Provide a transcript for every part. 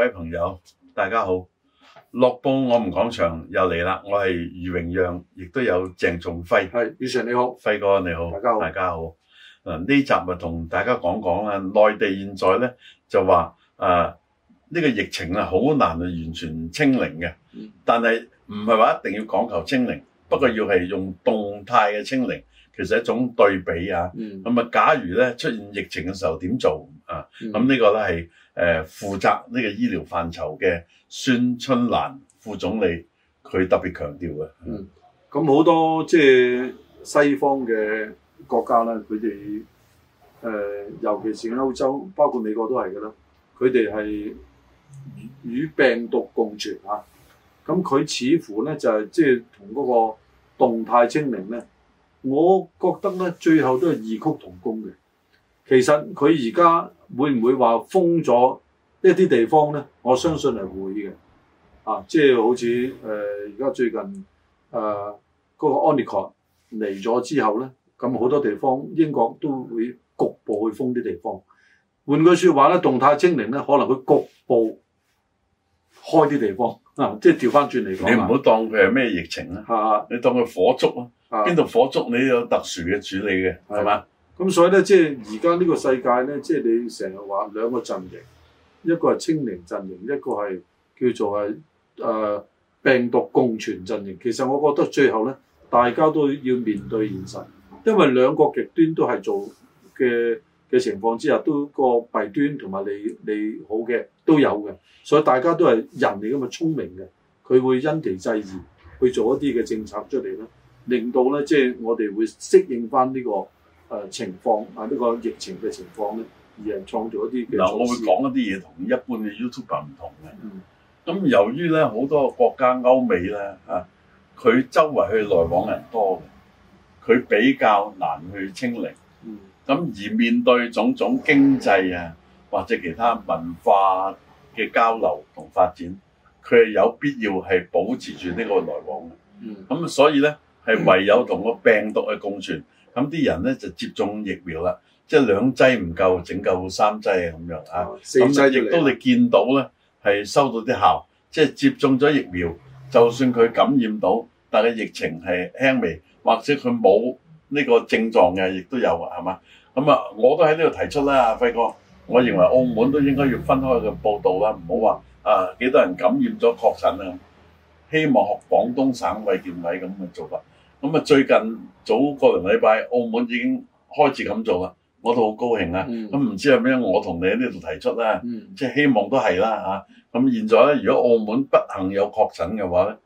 各位朋友，大家好！樂報我們講場又嚟啦，我係余榮陽，亦都有鄭仲輝。係，余常你好，輝哥你好，大家好。大家好。嗱、啊、呢集咪同大家講講啦。內地現在咧就話啊，呢、這個疫情啊，好難啊完全清零嘅。嗯、但係唔係話一定要講求清零，嗯、不過要係用動態嘅清零，其實一種對比啊。咁啊、嗯，嗯、假如咧出現疫情嘅時候點做啊？咁呢個咧係。嗯嗯嗯嗯嗯嗯誒、呃、負責呢個醫療範疇嘅孫春蘭副總理，佢、嗯、特別強調嘅。咁、嗯、好、嗯、多即係、就是、西方嘅國家啦，佢哋誒，尤其是歐洲，包括美國都係嘅啦。佢哋係與病毒共存吓。咁、啊、佢似乎咧就係即係同嗰個動態清零咧，我覺得咧最後都係異曲同工嘅。其實佢而家會唔會話封咗一啲地方咧？我相信係會嘅，啊，即係好似誒而家最近誒嗰、呃那個 Omicron 嚟咗之後咧，咁好多地方英國都會局部去封啲地方。換句説話咧，動態清零咧，可能佢局部開啲地方啊，即係調翻轉嚟講。你唔好當佢係咩疫情啊，啊你當佢火燭啊，邊度、啊、火燭你有特殊嘅處理嘅，係嘛？咁所以咧，即係而家呢個世界咧，即係你成日話兩個陣營，一個係清零陣營，一個係叫做係誒、呃、病毒共存陣營。其實我覺得最後咧，大家都要面對現實，因為兩個極端都係做嘅嘅情況之下，都個弊端同埋你你好嘅都有嘅。所以大家都係人嚟嘅嘛，聰明嘅，佢會因時制宜去做一啲嘅政策出嚟啦，令到咧即係我哋會適應返呢、這個。誒情況啊，呢個疫情嘅情況咧，而係創造一啲嘅。嗱，我會講一啲嘢同一般嘅 YouTube 唔同嘅。嗯，咁由於咧好多國家歐美咧啊，佢周圍去來往人多嘅，佢比較難去清零。嗯，咁而面對種種經濟啊或者其他文化嘅交流同發展，佢係有必要係保持住呢個來往嘅。嗯，咁所以咧係唯有同個病毒嘅共存。咁啲人咧就接種疫苗啦，即係兩劑唔夠整夠三劑啊咁樣啊。咁亦、哦、都你見到咧，係收到啲效，即係接種咗疫苗，就算佢感染到，但係疫情係輕微，或者佢冇呢個症狀嘅，亦都有啊，係嘛？咁、嗯、啊，我都喺呢度提出啦，阿輝哥，我認為澳門都應該要分開嘅報道啦，唔好話啊幾多人感染咗確診啊，希望學廣東省衞健委咁嘅做法。咁啊！最近早個零禮拜，澳門已經開始咁做啦，我都好高興啊！咁唔知係咩？我同你喺呢度提出啦，即係希望都係啦嚇。咁現在咧，如果澳門不幸有確診嘅話咧，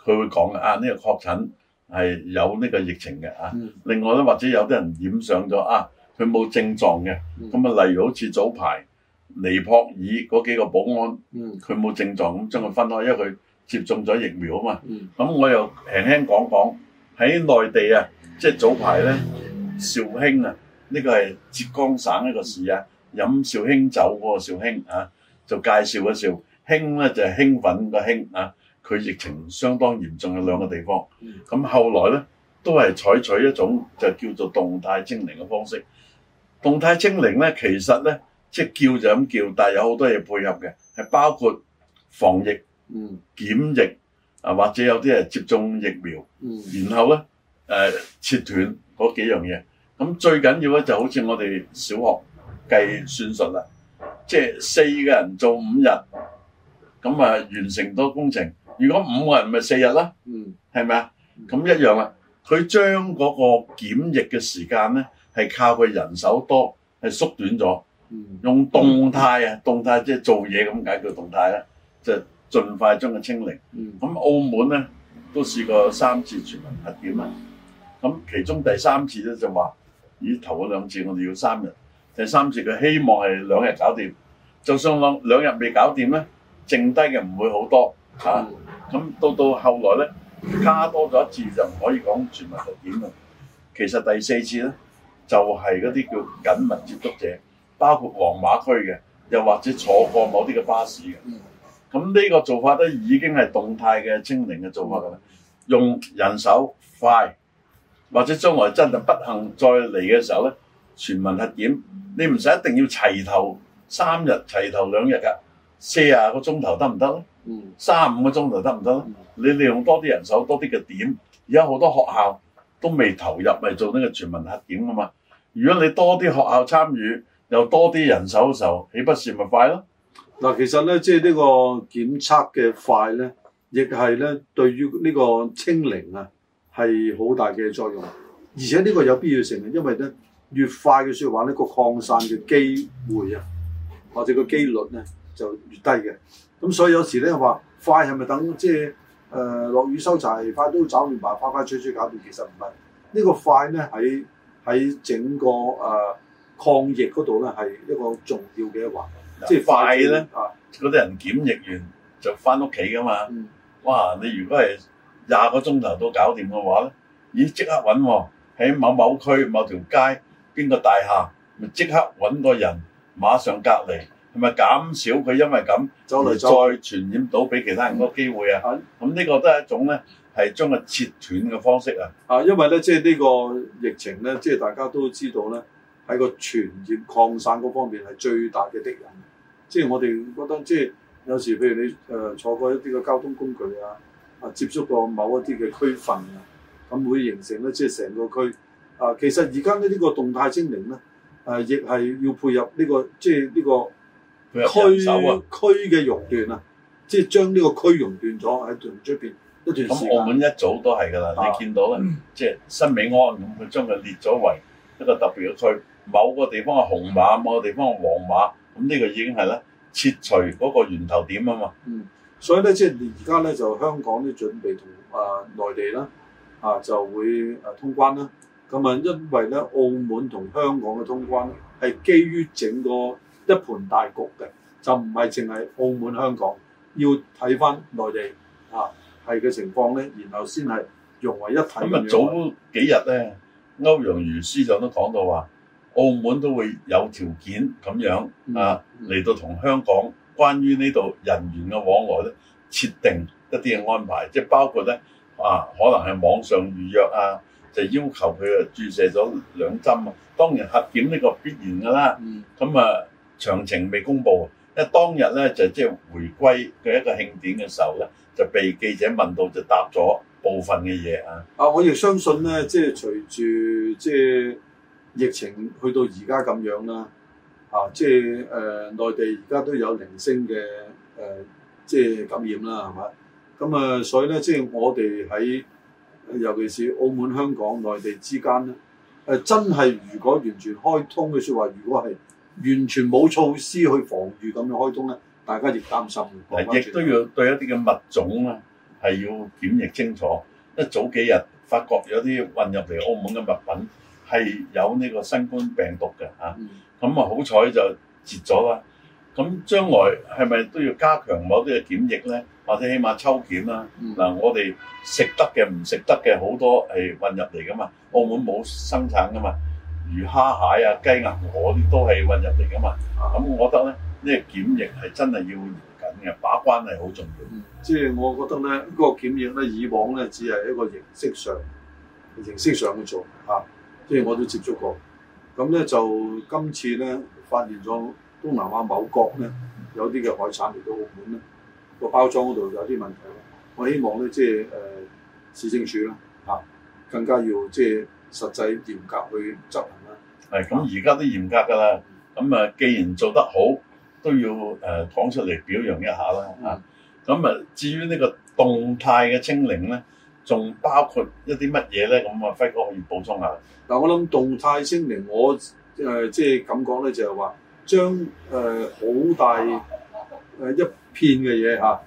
佢會講啊，呢個確診係有呢個疫情嘅嚇。另外咧，或者有啲人染上咗啊，佢冇症狀嘅，咁啊，例如好似早排尼泊爾嗰幾個保安，佢冇症狀咁將佢分開，因為佢接種咗疫苗啊嘛。咁我又輕輕講講。喺內地啊，即係早排咧，紹興啊，呢、這個係浙江省一個市啊，飲紹興酒嗰個紹興啊，就介紹一紹興咧就係興奮個興啊，佢疫情相當嚴重嘅兩個地方，咁、啊、後來咧都係採取一種就叫做動態清零嘅方式。動態清零咧其實咧即係叫就咁叫，但係有好多嘢配合嘅，係包括防疫、嗯檢疫。啊，或者有啲係接種疫苗，嗯、然後咧誒、呃、切斷嗰幾樣嘢。咁最緊要咧就好似我哋小學計算術啦，即係四個人做五日，咁啊完成多工程。如果五個人咪四日啦，係咪啊？咁、嗯嗯、一樣啦。佢將嗰個檢疫嘅時間咧係靠佢人手多，係縮短咗。嗯、用動態啊、嗯，動態即係做嘢咁解叫，叫動態啦，就是。盡快將佢清零。咁、嗯、澳門咧都試過三次全民核檢啊。咁、嗯、其中第三次咧就話，咦頭嗰兩次我哋要三日，第三次佢希望係兩日搞掂。就算兩兩日未搞掂咧，剩低嘅唔會好多嚇。咁、啊、到、啊、到後來咧，加多咗一次就唔可以講全民核檢啦。其實第四次咧就係嗰啲叫緊密接觸者，包括黃碼區嘅，又或者坐過某啲嘅巴士嘅。嗯咁呢個做法都已經係動態嘅清零嘅做法噶啦，用人手快，或者將來真係不幸再嚟嘅時候咧，全民核檢，你唔使一定要齊頭三日，齊頭兩日噶，四啊個鐘頭得唔得咧？嗯，三啊五個鐘頭得唔得咧？嗯、你利用多啲人手，多啲嘅點，而家好多學校都未投入咪做呢個全民核檢噶嘛。如果你多啲學校參與，又多啲人手嘅時候，豈不是咪快咯？嗱，其實咧，即係呢個檢測嘅快咧，亦係咧對於呢個清零啊，係好大嘅作用。而且呢個有必要性嘅，因為咧越快嘅説話，呢個擴散嘅機會啊，或者個機率咧就越低嘅。咁所以有時咧話快係咪等即係誒落雨收柴快都搞完埋，快快脆脆搞掂，其實唔係。呢個快咧喺喺整個誒抗疫嗰度咧係一個重要嘅一環。即係快咧，嗰啲、啊、人檢疫完就翻屋企噶嘛。嗯、哇！你如果係廿個鐘頭都搞掂嘅話咧，咦？即刻揾喎、啊，喺某某區某條街邊個大廈，咪即刻揾個人馬上隔離，係咪減少佢因為咁走嚟再傳染到俾其他人嗰個機會啊？咁呢、啊、個都係一種咧，係將佢切斷嘅方式啊！啊，因為咧，即係呢個疫情咧，即係大家都知道咧，喺個傳染擴散嗰方面係最大嘅敵人。即係我哋覺得，即係有時譬如你誒坐過一啲嘅交通工具啊，啊接觸過某一啲嘅區份啊，咁會形成咧即係成個區。啊，其實而家咧呢個動態清零咧，誒亦係要配合呢個即係呢個區區嘅熔斷啊，即係將呢個區熔斷咗喺出邊一段時間。咁澳門一早都係㗎啦，你見到咧，即係新美安咁佢將佢列咗為一個特別嘅區，某個地方係紅碼，某個地方係黃碼。咁呢個已經係啦，切除嗰個源頭點啊嘛。嗯，所以咧，即係而家咧就香港啲準備同啊內地啦，啊就會啊通關啦。咁、嗯、啊，因為咧澳門同香港嘅通關係基於整個一盤大局嘅，就唔係淨係澳門香港，要睇返內地啊係嘅情況咧，然後先係融為一體咁啊、嗯。早幾日咧，歐陽瑜司長都講到話，澳門都會有條件咁樣，嗯、啊，嚟到同香港關於呢度人員嘅往來咧，設定一啲嘅安排，即係包括咧啊，可能係網上預約啊，就要求佢啊注射咗兩針啊。當然核檢呢個必然噶啦，咁、嗯、啊，詳情未公佈，因為當日咧就即、是、係回歸嘅一個慶典嘅時候咧，就被記者問到就答咗部分嘅嘢啊。啊，我亦相信咧，即、就、係、是、隨住即係。就是疫情去到而家咁樣啦，啊，即係誒內地而家都有零星嘅誒、呃、即係感染啦，係嘛？咁啊，所以咧，即係我哋喺尤其是澳門、香港、內地之間咧，誒、呃、真係如果完全開通嘅説話，如果係完全冇措施去防禦咁樣開通咧，大家亦擔心。亦都要對一啲嘅物種咧，係要檢疫清楚。一早幾日發覺有啲運入嚟澳門嘅物品。係有呢個新冠病毒嘅嚇，咁、嗯、啊好彩就截咗啦。咁、啊、將來係咪都要加強某啲嘅檢疫咧？或者起碼抽檢啦、啊。嗱、嗯啊，我哋食得嘅、唔食得嘅好多係運入嚟噶嘛。澳門冇生產噶嘛，魚蝦蟹雞雞鴨啊、雞鴨嗰啲都係運入嚟噶嘛。咁我覺得咧，呢、這個檢疫係真係要嚴謹嘅，把關係好重要。即係我覺得咧，嗰個檢疫咧，以往咧只係一個形式上形式上嘅做嚇。即係我都接觸過，咁咧就今次咧發現咗東南亞某國咧有啲嘅海產嚟到澳門咧，個包裝嗰度有啲問題咯。我希望咧即係誒、呃、市政署啦嚇，更加要即係實際嚴格去執行啦。係咁、嗯，而家、嗯、都嚴格㗎啦。咁啊，既然做得好，都要誒講出嚟表揚一下啦嚇。咁啊、嗯，至於呢個動態嘅清零咧。仲包括一啲乜嘢咧？咁啊，輝哥可以補充下。嗱，我諗動態清零，我誒即係感覺咧，就係話將誒好大誒一片嘅嘢嚇，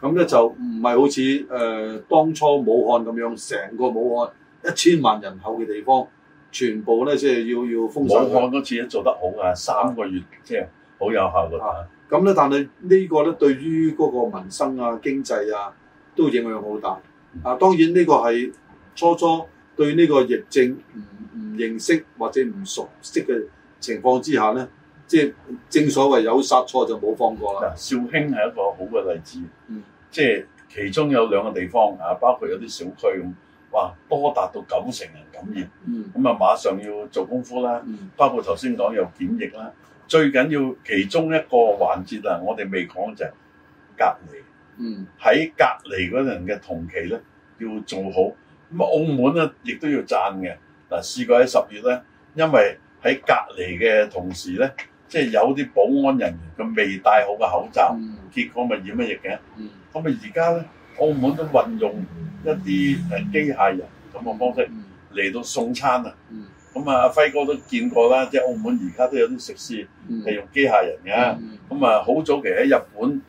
咁咧就唔係好似誒當初武漢咁樣，成個武漢一千萬人口嘅地方，全部咧即係要要封鎖。武漢嗰次都做得好啊，三個月即係好有效率啊。咁咧，但係呢個咧對於嗰個民生啊、經濟啊，都影響好大。啊，當然呢個係初初對呢個疫症唔唔認識或者唔熟悉嘅情況之下呢，即係正所謂有殺錯就冇放過啦。紹興係一個好嘅例子，嗯、即係其中有兩個地方啊，包括有啲小區咁，哇，多達到九成人感染，咁啊、嗯、馬上要做功夫啦，包括頭先講有檢疫啦，最緊要其中一個環節啊，我哋未講就係隔離。嗯，喺隔離嗰陣嘅同期咧，要做好。咁啊，澳門咧亦都要讚嘅。嗱，試過喺十月咧，因為喺隔離嘅同時咧，即係有啲保安人員佢未戴好嘅口罩，結果咪染乜疫嘅。咁啊，而家咧澳門都運用一啲誒機械人咁嘅方式嚟到送餐啊。咁啊，輝哥都見過啦，即係澳門而家都有啲食肆係用機械人嘅。咁啊，好早期喺日本。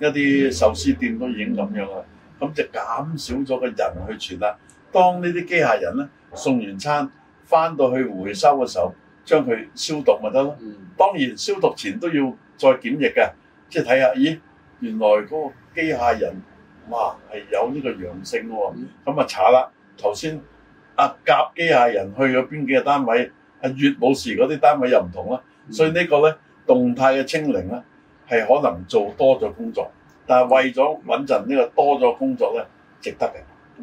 一啲壽司店都已經咁樣啦，咁就減少咗個人去傳啦。當呢啲機械人咧送完餐翻到去回收嘅時候，將佢消毒咪得咯。嗯、當然消毒前都要再檢疫嘅，即係睇下，咦，原來嗰個機械人，哇，係有呢個陽性喎、哦。咁、嗯、啊查啦，頭先阿甲機械人去咗邊幾個單位，阿乙冇事嗰啲單位又唔同啦。嗯、所以個呢個咧動態嘅清零啦。係可能做多咗工作，但係為咗穩陣呢個多咗工作咧，值得嘅。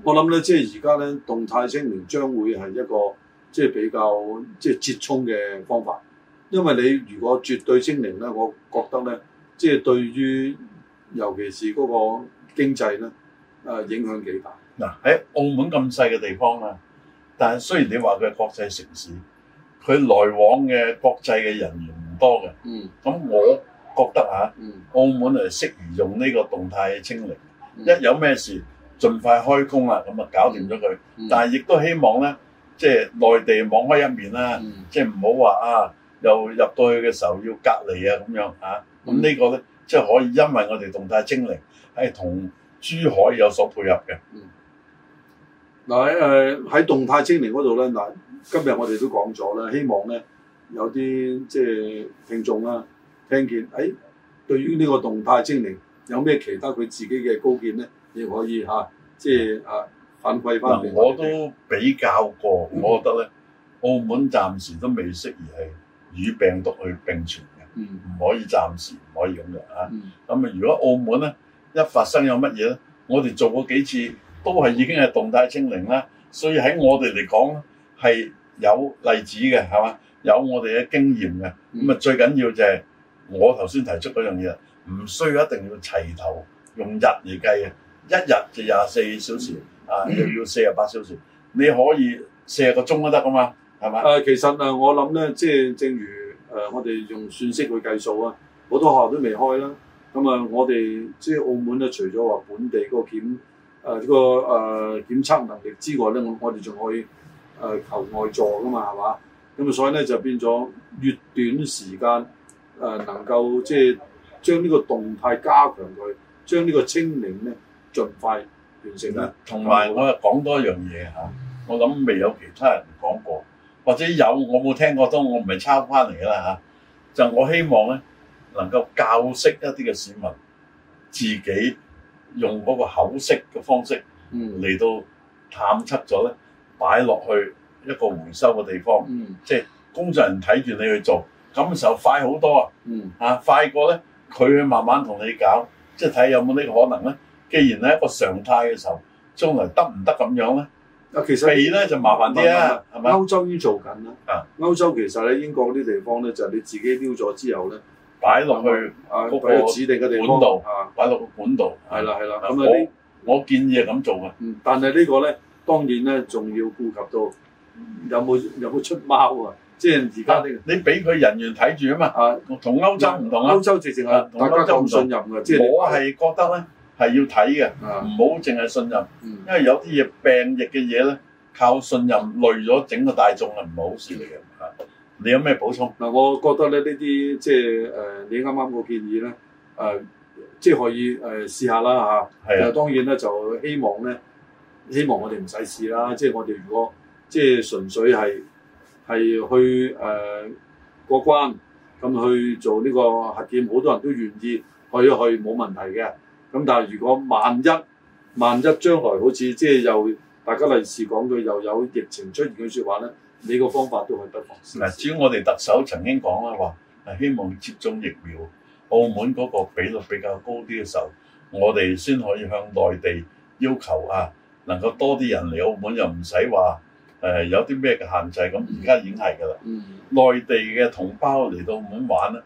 我諗咧，即係而家咧動態清零將會係一個即係比較即係折衷嘅方法，因為你如果絕對清零咧，我覺得咧，即係對於尤其是嗰個經濟咧，誒、啊、影響幾大。嗱喺、啊、澳門咁細嘅地方啦，但係雖然你話佢係國際城市，佢來往嘅國際嘅人員唔多嘅，嗯，咁我，覺得嚇、啊，嗯、澳門係適宜用呢個動態清零，嗯、一有咩事盡快開工啦，咁啊搞掂咗佢。嗯、但係亦都希望咧，即係內地網開一面啦、啊，即係唔好話啊，又入到去嘅時候要隔離啊咁樣啊。咁、嗯、呢個咧，即、就、係、是、可以因為我哋動態清零係同珠海有所配合嘅。嗱喺喺動態清零嗰度咧，嗱今日我哋都講咗啦，希望咧有啲即係聽眾啦。聽見誒、哎，對於呢個動態清零有咩其他佢自己嘅高見咧，亦可以嚇、啊，即係嚇、啊、反饋翻嚟。我都比較過，嗯、我覺得咧，澳門暫時都未適宜係與病毒去並存嘅，唔可以暫時唔可以咁樣嚇。咁啊，如果澳門咧一發生有乜嘢咧，我哋做過幾次都係已經係動態清零啦，所以喺我哋嚟講係有例子嘅，係嘛，有我哋嘅經驗嘅。咁啊，最緊要就係、是。我頭先提出嗰樣嘢唔需要一定要齊頭用日嚟計嘅，一日就廿四小時啊，嗯、又要四十八小時，你可以四十個鐘都得噶嘛，係咪？誒、呃，其實誒，我諗咧，即係正如誒、呃，我哋用算式去計數啊，好多學校都未開啦。咁啊，我哋即係澳門咧，除咗話本地嗰個檢誒呢個誒檢測、呃、能力之外咧，我哋仲可以誒求、呃、外助噶嘛，係嘛？咁啊，所以咧就變咗越短時間。誒、呃、能夠即係、呃呃、將呢個動態加強佢，將呢個清零咧盡快完成有就啊！同埋我又講多一樣嘢嚇，我諗未有其他人講過，或者有我冇聽過當，我唔係抄翻嚟㗎啦嚇。就我希望咧能夠教識一啲嘅市民自己用嗰個口式嘅方式嚟、嗯、到探測咗咧，擺落去一個回收嘅地方，即係、嗯嗯、工作人睇住你去做。咁嘅時候快好多啊！嗯，啊快過咧，佢慢慢同你搞，即係睇有冇呢個可能咧。既然係一個常態嘅時候，將來得唔得咁樣咧？啊，其實你咧就麻煩啲啊，係咪？歐洲已經做緊啦，啊，歐洲其實咧英國嗰啲地方咧，就你自己丟咗之後咧，擺落去個指定嘅管道，擺落個管道，係啦係啦。咁啊我建議係咁做嘅，但係呢個咧，當然咧，仲要顧及到有冇有冇出貓啊？即係而家啲，你俾佢人員睇住啊嘛，同歐洲唔同啊，歐洲直情係大家咁信任嘅，即係我係覺得咧係要睇嘅，唔好淨係信任，因為有啲嘢病疫嘅嘢咧，靠信任累咗整個大眾啊，唔係好事嚟嘅嚇。你有咩補充？嗱，我覺得咧呢啲即係誒，你啱啱個建議咧，誒即係可以誒試下啦嚇。係啊，當然咧就希望咧，希望我哋唔使試啦。即係我哋如果即係純粹係。係去誒、呃、過關，咁、嗯、去做呢個核檢，好多人都願意去一去冇問題嘅。咁但係如果萬一萬一將來好似即係又大家例示講句又有疫情出現嘅說話咧，你個方法都係不妨試。嗱，只要我哋特首曾經講啦話，係希望接種疫苗，澳門嗰個比率比較高啲嘅時候，我哋先可以向內地要求啊，能夠多啲人嚟澳門，又唔使話。誒、呃、有啲咩嘅限制，咁而家已經係㗎喇。嗯、內地嘅同胞嚟到澳門玩咧，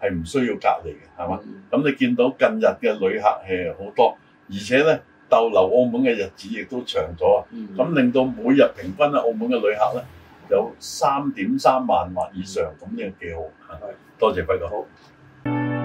係唔需要隔離嘅，係嘛？咁、嗯、你見到近日嘅旅客係好多，而且咧逗留澳門嘅日子亦都長咗啊。咁、嗯、令到每日平均啊，澳門嘅旅客咧有三點三萬或以上，咁樣幾好。係，的多謝貴哥。好。